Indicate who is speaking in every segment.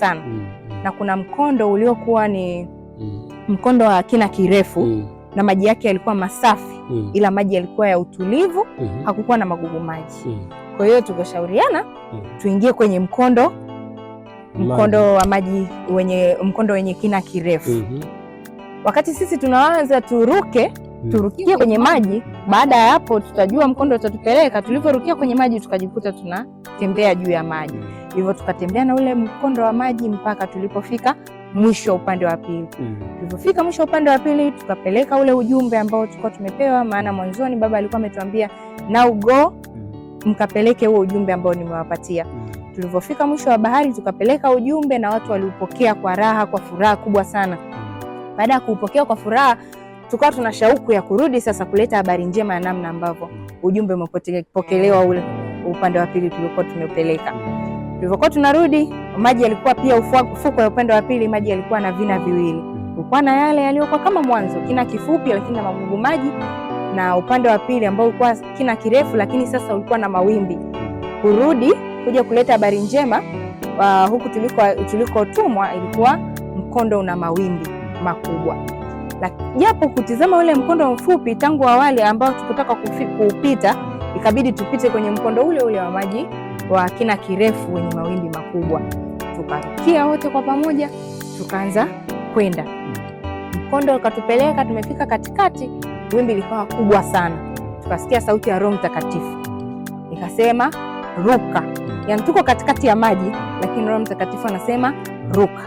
Speaker 1: sana mm, mm. na kuna mkondo uliokuwa ni mm. mkondo wa kina kirefu mm. na maji yake yalikuwa masafi mm. ila maji yalikuwa ya utulivu mm hakukuwa na magugu maji mm. kwa hiyo tukashauriana mm. tuingie kwenye mkondo mkondo maji. wa maji wenye mkondo wenye kina kirefu mm -hmm. wakati sisi tunaanza turuke mm. turukie kwenye maji. Baada ya hapo, tutajua mkondo utatupeleka. Tulivyorukia kwenye maji, tukajikuta tunatembea juu ya maji. Mm. Hivyo tukatembea na ule mkondo wa maji mpaka tulipofika mwisho upande wa pili. Mm. Tulipofika mwisho upande wa pili tukapeleka ule ujumbe ambao tulikuwa tumepewa, maana mwanzoni baba alikuwa ametuambia now go, mm. mkapeleke huo ujumbe ambao nimewapatia. Mm. Tulipofika mwisho wa bahari tukapeleka ujumbe na watu waliupokea kwa raha, kwa furaha kubwa sana. Mm. Baada ya kuupokea kwa furaha tukawa tuna shauku ya kurudi sasa kuleta habari njema ya namna ambavyo mm. ujumbe umepokelewa ule upande wa pili tulikuwa tumepeleka. Tulivyokuwa tunarudi, maji yalikuwa pia ufuko ya upande wa pili, maji yalikuwa na vina viwili, kulikuwa na yale yaliyokuwa kama mwanzo, kina kifupi lakini na magugu maji, na upande wa pili ambao ulikuwa kina kirefu, lakini sasa ulikuwa na mawimbi. Kurudi kuja kuleta habari njema uh, huku tulikotumwa ilikuwa mkondo una mawimbi makubwa japo kutizama ule mkondo mfupi tangu awali ambao tukutaka kupita, ikabidi tupite kwenye mkondo ule ule wa maji wa kina kirefu wenye mawimbi makubwa. Tukakia wote kwa pamoja, tukaanza kwenda. Mkondo ukatupeleka, tumefika katikati, wimbi likawa kubwa sana, tukasikia sauti ya Roho Mtakatifu ikasema ruka. Yani tuko katikati ya maji, lakini Roho Mtakatifu anasema ruka.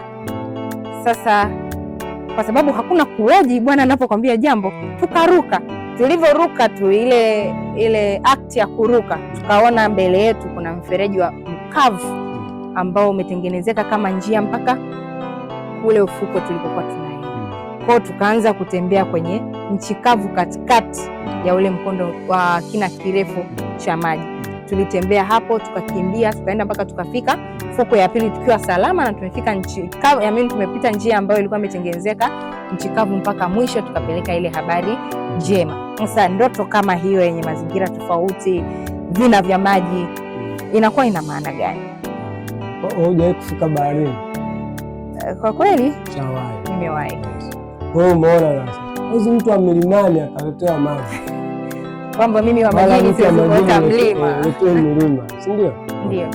Speaker 1: Sasa kwa sababu hakuna kuoji, Bwana anapokwambia jambo, tukaruka. Tulivyoruka tu ile ile akti ya kuruka, tukaona mbele yetu kuna mfereji wa mkavu ambao umetengenezeka kama njia mpaka kule ufuko tulipokuwa tunaenda. Kwao tukaanza kutembea kwenye nchi kavu katikati ya ule mkondo wa kina kirefu cha maji tulitembea hapo, tukakimbia, tukaenda mpaka tukafika fuko ya pili tukiwa salama, na tumefika nchi kavu, mimi tumepita njia ambayo ilikuwa imetengenezeka nchi kavu mpaka mwisho, tukapeleka ile habari njema. Sasa ndoto kama hiyo yenye mazingira tofauti, vina vya maji, inakuwa ina maana gani?
Speaker 2: Hujawahi kufika baharini?
Speaker 1: Eh, kwa kweli nimewahi.
Speaker 2: Wewe umeona, mtu wa milimani akaletewa maji
Speaker 1: kwamba mimi wa majini siwezi mlima mlima,
Speaker 2: si ndio? Ndio.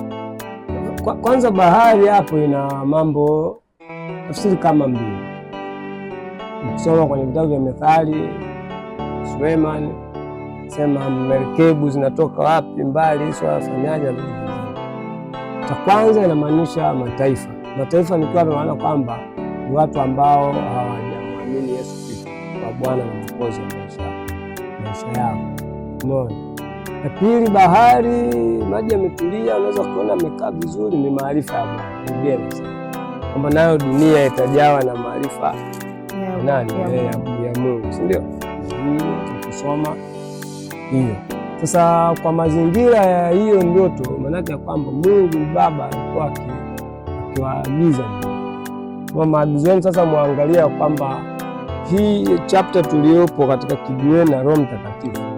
Speaker 2: Kwanza bahari hapo ina mambo tafsiri kama mbili, ukisoma kwenye vitabu vya Methali, Suleiman sema merkebu zinatoka wapi mbali, swala fanyaje na cha kwanza inamaanisha mataifa. Mataifa ni kwa maana kwamba ni watu ambao hawajamwamini Yesu Kristo kwa Bwana na Mwokozi wa maisha yao Umeona? Na pili, bahari maji yametulia, unaweza kuona amekaa vizuri, ni maarifa ya Bwana kwamba nayo dunia itajawa na maarifa nani eh, ya Mungu, si ndio? Tukisoma hmm, hiyo sasa, kwa mazingira ya hiyo ndoto, maanake ya kwamba Mungu Baba alikuwa akiwaagiza kwa maagizo yenu. Sasa mwangalia kwamba hii chapter tuliyopo katika kijiweni na Roho Mtakatifu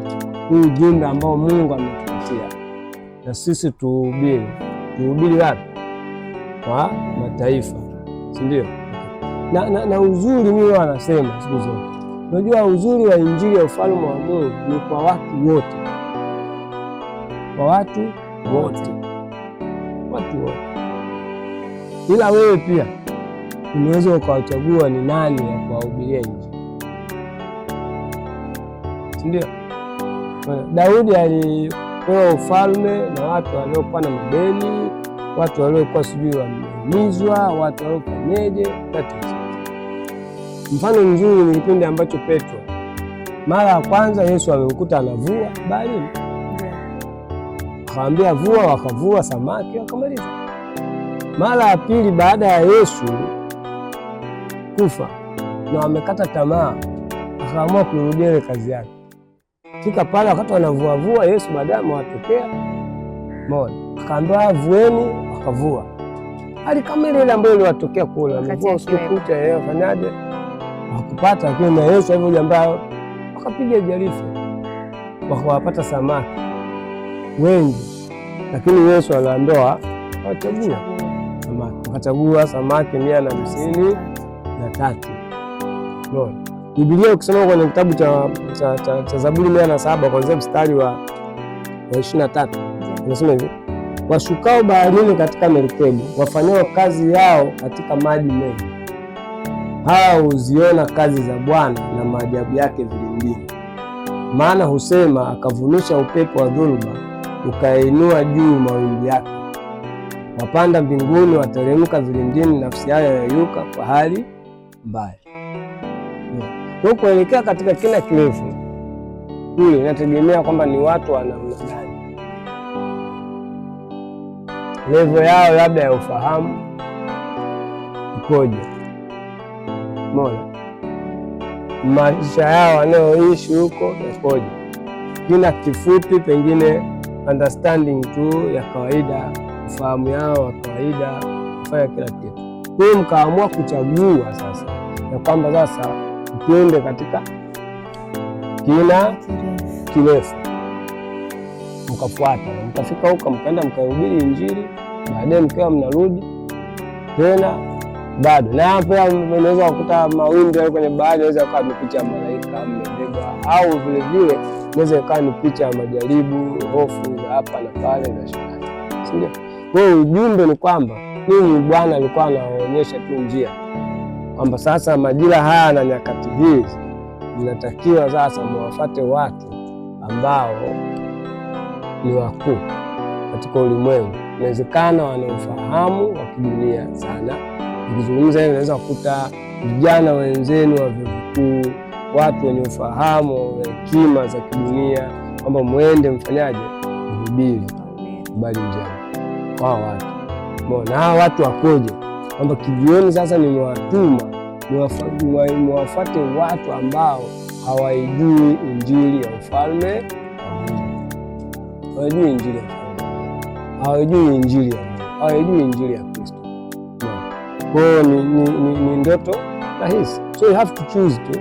Speaker 2: huu ujumbe ambao Mungu ametupatia, na sisi tuhubiri. Tuhubiri wapi? Kwa mataifa, si ndio? Na, na, na uzuri mimi wanasema siku zote, unajua uzuri wa injili ya ufalme wa Mungu ni kwa watu wote, kwa watu wote, watu wote, ila wewe pia unaweza ukawachagua ni nani ya kuwahubiria injili, si ndio? Daudi alipewa ufalme na watu waliokuwa na madeni, watu waliokuwa sijui wameumizwa, watu waliofanyeje. Mfano mzuri ni kipindi ambacho Petro mara ya kwanza Yesu amemkuta anavua baharini, akawaambia vua, wakavua samaki wakamaliza. Mara ya pili baada ya Yesu kufa na wamekata tamaa, akaamua kurudia ile kazi yake Fika pale wakati wanavuavua, Yesu baadaye amewatokea mona, akaambia vueni, wakavua. Hali kama ile ile ambayo iliwatokea kule, amevua usiku kucha, eh, yeye afanyaje? Wakupata, lakini na Yesu alivyoja ambao wakapiga jarifu, wakawapata samaki wengi, lakini Yesu aliwaambia wachague samaki, wakachagua samaki mia na hamsini na tatu mona Biblia ukisoma kwenye kitabu cha, cha, cha, cha Zaburi mia na saba kuanzia mstari wa ishirini na tatu hivi washukao baharini katika merikebu, wafanyao kazi yao katika maji mengi, hao huziona kazi za Bwana na maajabu yake vilindini. Maana husema, akavunisha upepo wa dhuluma, ukainua juu mawimbi yake. Wapanda mbinguni, wateremka vilindini, nafsi yao yayuka kwa hali mbaya. Kwa kuelekea katika kila kilevu kule, inategemea kwamba ni watu wa namna gani, levo yao labda ya ufahamu ukoje, mona maisha yao wanayoishi huko yakoje. Kina kifupi, pengine understanding tu ya kawaida, ufahamu yao wa kawaida, kufanya kila kitu. huyu mkaamua kuchagua sasa ya kwamba sasa tuende katika kina kirefu, mkafuata mkafika huko mkaenda mkahubiri Injili, baadaye mkiwa mnarudi tena bado, na hapo unaweza kukuta mawimbi yale kwenye bahari, aweza kawa ni picha ya malaika mmebeba, au vilevile naweza ikawa ni picha ya majaribu, hofu za hapa na pale na shida, si ndio? Kwa hiyo ujumbe ni kwamba mimi Bwana alikuwa anaonyesha tu njia kwamba sasa majira haya na nyakati hizi inatakiwa sasa mwafate watu ambao ni wakuu katika ulimwengu, inawezekana wanaofahamu wa kidunia sana. Nikizungumza unaweza kukuta vijana wenzenu wa vyuo vikuu, watu wenye ufahamu wa hekima za kidunia, kwamba mwende mfanyaje, mhubiri habari njema kwa watu. mona, hawa watu wakoje? kwamba kijioni sasa nimewatuma niwafate watu ambao hawaijui injili ya ufalme, hawaijui injili ya ufalme, hawaijui injili ya hawaijui injili ya Kristo. Kwao ni, ni, ni, ni ndoto rahisi, so you have to choose tu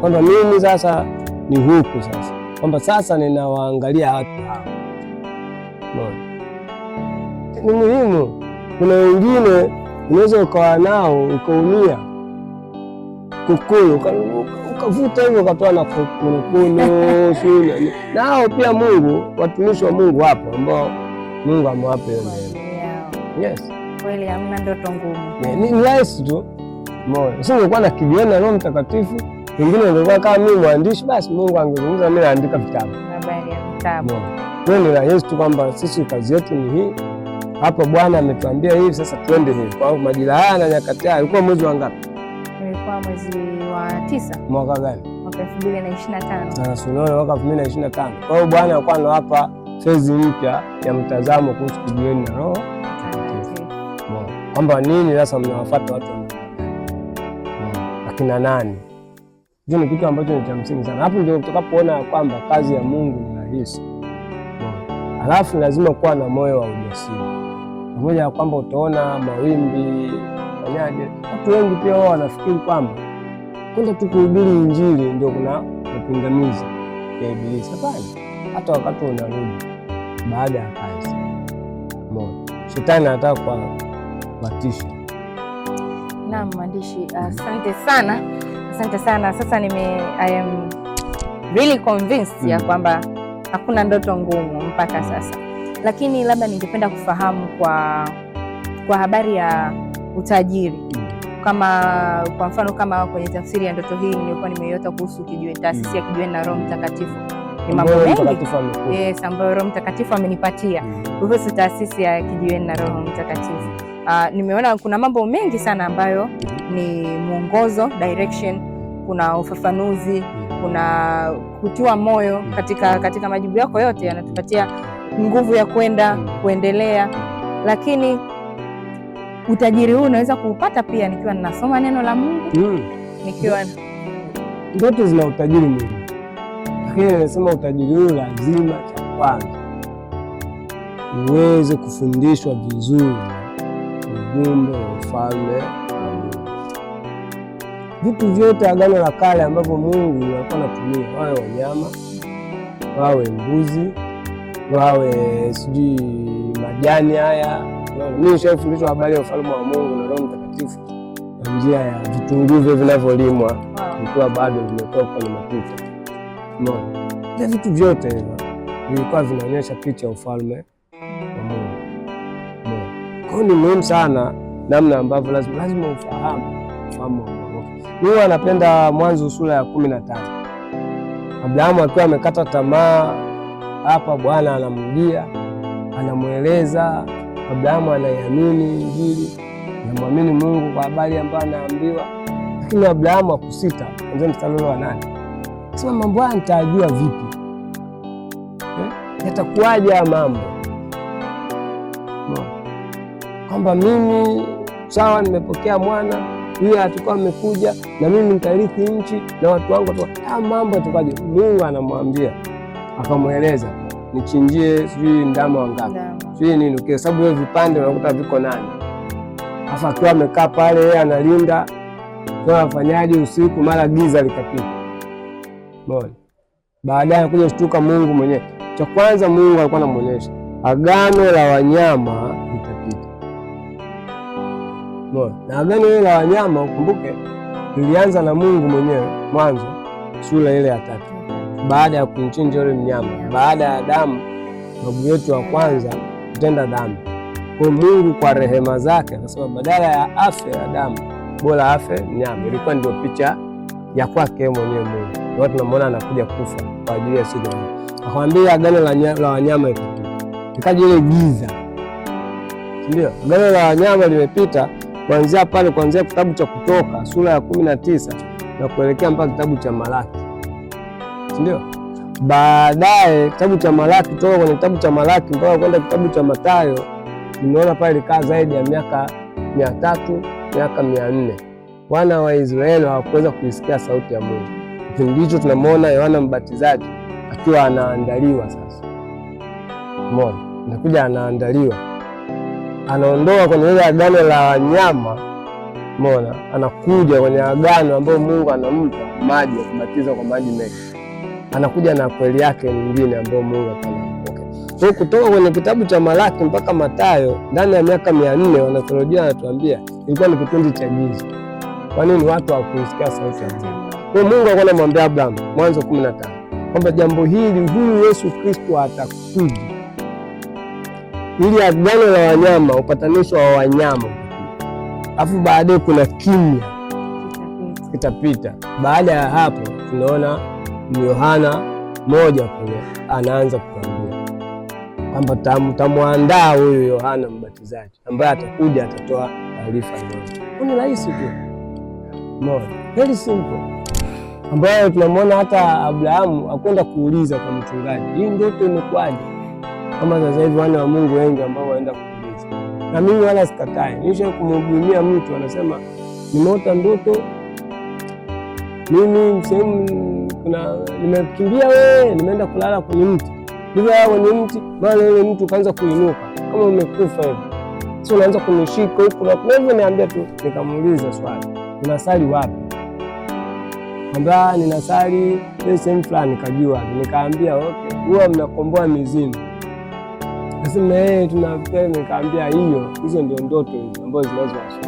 Speaker 2: kwamba mimi sasa ni huku sasa, kwamba sasa ninawaangalia watu hawa. Ni muhimu, kuna wengine unaweza ukawa nao ukaumia kukulu ukavuta hivyo ukatoa na kunukunu suna na pia Mungu, watumishi wa Mungu hapo ambao Mungu amewape hiyo neema. Yes,
Speaker 1: kweli hamna ndoto ngumu,
Speaker 2: ni rahisi tu moyo. Si ungekuwa na kijiona Roho Mtakatifu, pengine ungekuwa kama mimi mwandishi, basi Mungu angezungumza mimi naandika vitabu.
Speaker 1: Habari ya vitabu.
Speaker 2: ni rahisi tu kwamba sisi kazi yetu ni hii hapo Bwana ametuambia hivi, sasa twende hivi. Kwa hiyo majira haya na nyakati haya, ilikuwa mwezi wa ngapi?
Speaker 1: Ilikuwa mwezi wa tisa. Mwaka gani? Mwaka 2025. Ah,
Speaker 2: sasa unaona, mwaka 2025. Kwa hiyo Bwana alikuwa anawapa sezi mpya ya mtazamo kuhusu kujieni na Roho kwamba nini sasa mnawafuata watu akina nani? Hicho ni kitu ambacho ni cha msingi sana. Hapo ndio utakapoona ya kwamba kazi ya Mungu ni rahisi. alafu lazima kuwa na moyo wa ujasiri pamoja na kwamba utaona mawimbi fanyaje. Watu wengi pia wao wanafikiri kwamba kwenda tu kuhubiri Injili ndio kuna mapingamizi ya Ibilisi. Hapana, hata wakati unarudi baada ya kazi moja, shetani anataka kuwatisha.
Speaker 1: Naam, mwandishi, asante sana asante sana. Sasa nime I am really convinced mm, ya kwamba hakuna ndoto ngumu mpaka sasa. Lakini labda ningependa kufahamu kwa kwa habari ya utajiri kama kwa mfano kama kwenye tafsiri ya ndoto hii nilikuwa nimeiota kuhusu kijiweni, taasisi ya mm. kijiweni na Roho Mtakatifu. Ni mambo mengi
Speaker 2: yes, ambayo Roho Mtakatifu amenipatia mm.
Speaker 1: kuhusu taasisi ya kijiweni na Roho Mtakatifu. Uh, nimeona kuna mambo mengi sana ambayo mm. ni mwongozo direction, kuna ufafanuzi, kuna kutiwa moyo katika, katika majibu yako yote yanatupatia nguvu ya kwenda mm. kuendelea. Lakini utajiri huu unaweza kuupata pia nikiwa ninasoma neno la Mungu mm. nikiwa
Speaker 2: ndoto zina utajiri mwingi, lakini anasema utajiri huu lazima, cha kwanza uweze kufundishwa vizuri ujumbe wa ufalme vitu vyote Agano la Kale ambavyo Mungu alikuwa anatumia, wawe wanyama, wawe mbuzi wawe sijui majani haya. Mimi nishafundishwa habari ya ufalme wa Mungu na Roho Mtakatifu kwa njia ya vitunguu vinavyolimwa vikiwa bado vimetoka kwenye matuta. Unaona, vile vitu vyote hivyo vilikuwa vinaonyesha picha ya ufalme wa Mungu. Kwa ni muhimu sana namna ambavyo lazima lazima ufahamu ufahamu. Mimi anapenda Mwanzo sura ya kumi na tano Abrahamu akiwa amekata tamaa hapa Bwana anamjia anamweleza Abrahamu, anaiamini Injili, anamwamini Mungu kwa habari ambayo anaambiwa, lakini Abrahamu akusita anzia mstari wa nane sema mambo haya nitajua vipi yatakuwaja eh, Yatakuwaje haya mambo Kwamba mimi sawa, nimepokea mwana huyo, atakuwa amekuja na mimi nitarithi nchi na watu wangu, haya mambo yatakuwaje? Mungu anamwambia akamweleza nichinjie sijui ndama wangapi sijui nini, kwa sababu hiyo vipande unakuta viko nani. Afa akiwa amekaa pale, yeye analinda afanyaji usiku mara giza likapita. Bona baadaye kuja kushtuka Mungu mwenyewe. Cha kwanza Mungu alikuwa anamuonyesha agano la wanyama litapita. Bona na agano ile la wanyama ukumbuke, lilianza na Mungu mwenyewe, Mwanzo sura ile ya tatu baada ya kumchinja yule mnyama, baada ya damu babu yetu wa kwanza kutenda dhambi. Kwa Mungu kwa rehema zake anasema badala ya afya ya damu bora afe mnyama. Ilikuwa ndio picha ya kwake mwenyewe Mungu, ndio tunamwona anakuja kufa kwa ajili ya sisi. Akamwambia agano la wanyama ikaja ile giza, ndio agano la wanyama limepita kuanzia pale, kuanzia kitabu cha Kutoka sura ya kumi na tisa na kuelekea mpaka kitabu cha Malaki ndio. Baadaye kitabu cha Malaki, toka kwenye kitabu cha Malaki mpaka kwenda kitabu cha matayo nimeona pale ilikaa zaidi ya miaka mia tatu miaka mia nne wana wa Israeli hawakuweza kuisikia sauti ya Mungu. Kipindi hicho tunamwona Yohana Mbatizaji akiwa anaandaliwa sasa, mona nakuja anaandaliwa, anaondoka kwenye ile agano la wanyama, mona anakuja kwenye agano ambayo Mungu anampa maji ya kubatiza kwa maji mengi anakuja na kweli yake nyingine ambayo Mungu akanapokea. Kwa kutoka kwenye kitabu cha Malaki mpaka matayo ndani ya miaka mia nne wanatheolojia wanatuambia ilikuwa ni kipindi cha giza. Kwa nini watu hawakusikia sauti ya Mungu? Kwa Mungu alikuwa anamwambia Abraham Mwanzo 15 kwamba jambo hili, huyu Yesu Kristo atakuja ili agano la wanyama, upatanisho wa wanyama, alafu baadaye kuna kimya kitapita. Baada ya hapo tunaona ni Yohana moja kule anaanza kutuambia kwamba tamwandaa huyu Yohana Mbatizaji ambaye atakuja atatoa taarifa yote. Ni rahisi tu moja, very simple, ambayo tunamwona hata Abrahamu akwenda kuuliza kwa mchungaji, hii ndoto imekuwaje? Kama sasa hivi wana wa Mungu wengi ambao waenda kuuliza, na mimi wala sikatai, nisha kumhudumia mtu anasema nimeota ndoto mimi sehemu kuna nimekimbia wewe, nimeenda kulala kwenye mti, nilala kwenye mti, maana yule mtu kaanza kuinuka kama umekufa hivi, sio unaanza kunishika huku na hivyo. Niambia tu, nikamuuliza swali, unasali wapi? Kwamba ah, ninasali ile sehemu fulani, kajua nikaambia okay, huwa mnakomboa mizimu. Nasema yeye eh, tunapewa, nikaambia hiyo, hizo ndio ndoto hizo ambazo zinazoashiria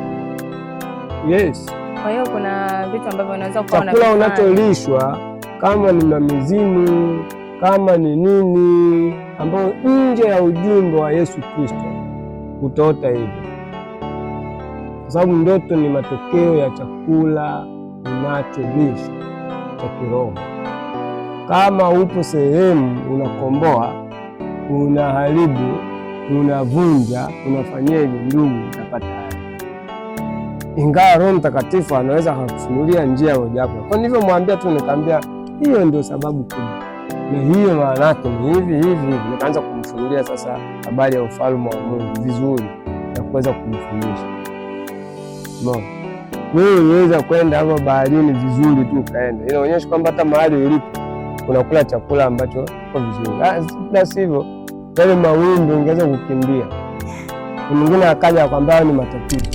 Speaker 2: yes
Speaker 1: kwa hiyo kuna vitu ambavyo unaweza
Speaker 2: kuona, chakula unacholishwa kama ni mamizimu kama ni nini ambayo nje ya ujumbe wa Yesu Kristo utaota hivyo, kwa sababu ndoto ni matokeo ya chakula unacholishwa cha kiroho. Kama upo sehemu unakomboa, unaharibu, unavunja, unafanyeje? Ndugu, utapata ingawa Roho Mtakatifu anaweza akakufunulia njia mojawapo. Kwa nilivyomwambia tu, nikaambia hiyo ndio sababu kubwa, na hiyo maana yake ni hivi hivi hivi. Nikaanza kumfunulia sasa habari ya ufalme wa Mungu vizuri na kuweza kumfundisha no. Wewe uweza kwenda hapo baharini vizuri tu ukaenda, inaonyesha kwamba hata mahali ulipo unakula chakula ambacho kwa vizuri, na ah, sivyo yale mawimbi ungeweza kukimbia. Mwingine akaja akwambia ni matatizo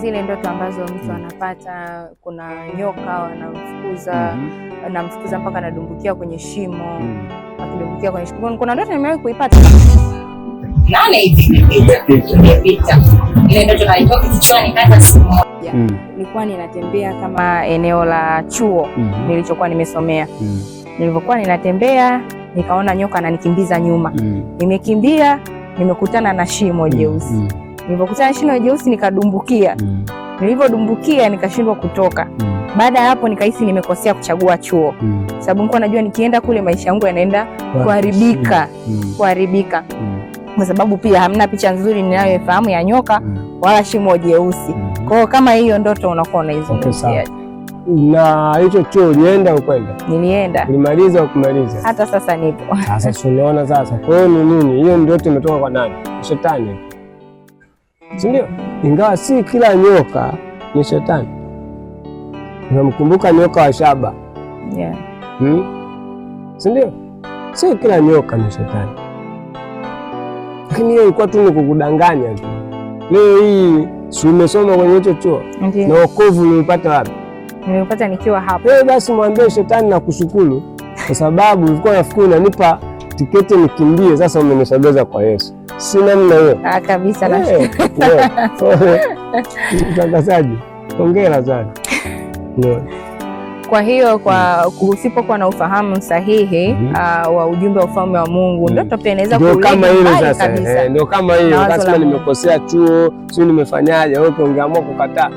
Speaker 1: zile ndoto ambazo mtu mm. anapata, kuna nyoka wanamfukuza mm-hmm. anamfukuza mpaka anadumbukia kwenye shimo, mm. akidumbukia kwenye shimo. Kuna ndoto nimewahi kuipata mm. nilikuwa ninatembea kama eneo la chuo mm -hmm. nilichokuwa nimesomea mm -hmm. nilivyokuwa ninatembea nikaona nyoka ananikimbiza nyuma mm -hmm. nimekimbia nimekutana na shimo jeusi mm -hmm. Nilipokutana shino jeusi nikadumbukia mm. Nilivyodumbukia nikashindwa kutoka mm. Baada ya hapo nikahisi nimekosea kuchagua chuo mm. Sababu nilikuwa najua nikienda kule maisha yangu yanaenda kuharibika mm. kuharibika mm. Kwa sababu pia hamna picha nzuri ninayoifahamu ya nyoka mm. wala shimo jeusi mm. Kwa hiyo kama hiyo ndoto unakuwa unaizungumzia
Speaker 2: na hicho chuo ulienda? Ukwenda, nilienda. Ulimaliza? Ukumaliza?
Speaker 1: hata sasa nipo.
Speaker 2: Sasa unaona, sasa kwa hiyo ni nini hiyo ndoto? Imetoka kwa nani? Shetani si ndio? Ingawa si kila nyoka ni shetani. Unamkumbuka nyoka wa shaba
Speaker 1: yeah. hmm?
Speaker 2: si ndio? Si kila nyoka ni shetani, lakini hiyo ilikuwa tu ni kukudanganya tu. Leo hii si umesoma kwenye hicho chuo okay. na wokovu uliupata wapi?
Speaker 1: Niliupata nikiwa hapa.
Speaker 2: Eh, basi mwambie shetani na kushukuru, kwa sababu ulikuwa unafikiri unanipa tiketi nikimbie, sasa umenisogeza kwa Yesu, si namna hiyo
Speaker 1: ah, kabisa. Eh, eh,
Speaker 2: Mtangazaji, hongera sana.
Speaker 1: Kwa hiyo kwa usipokuwa na ufahamu sahihi mm -hmm. uh, wa ujumbe wa ufalme wa Mungu mm -hmm. ndoto pia inaweza
Speaker 2: kuleta ndio kama hiyo, eh, kasema nimekosea chuo, sio nimefanyaje, wewe ungeamua kukataa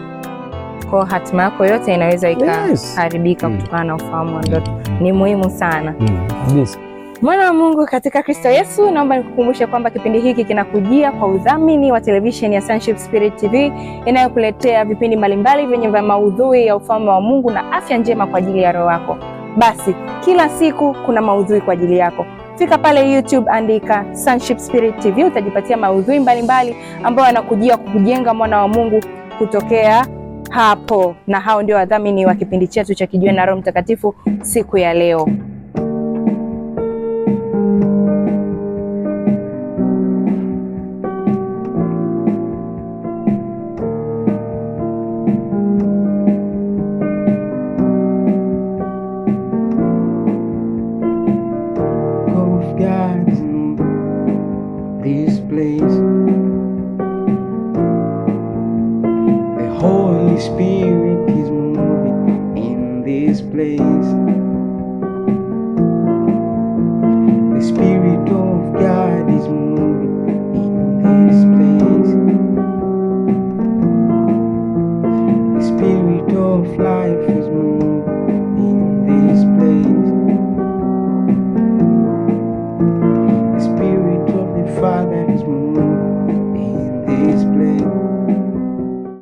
Speaker 1: kwa hatima yako yote inaweza ikaharibika yes. Mm. kutokana na ufahamu wa ndoto. Mm. Ni muhimu sana mm -hmm. yes. Mwana wa Mungu katika Kristo Yesu, naomba nikukumbushe kwamba kipindi hiki kinakujia kwa udhamini wa televisheni ya Sonship Spirit TV inayokuletea vipindi mbalimbali vyenye vya maudhui ya ufalme wa Mungu na afya njema kwa ajili ya roho yako. Basi kila siku kuna maudhui kwa ajili yako. Fika pale YouTube, andika Sonship Spirit TV, utajipatia maudhui mbalimbali ambayo yanakujia kukujenga mwana wa Mungu kutokea hapo, na hao ndio wadhamini wa kipindi chetu cha Kijiwe na Roho Mtakatifu siku ya leo. this place. The Holy Spirit is moving in this place.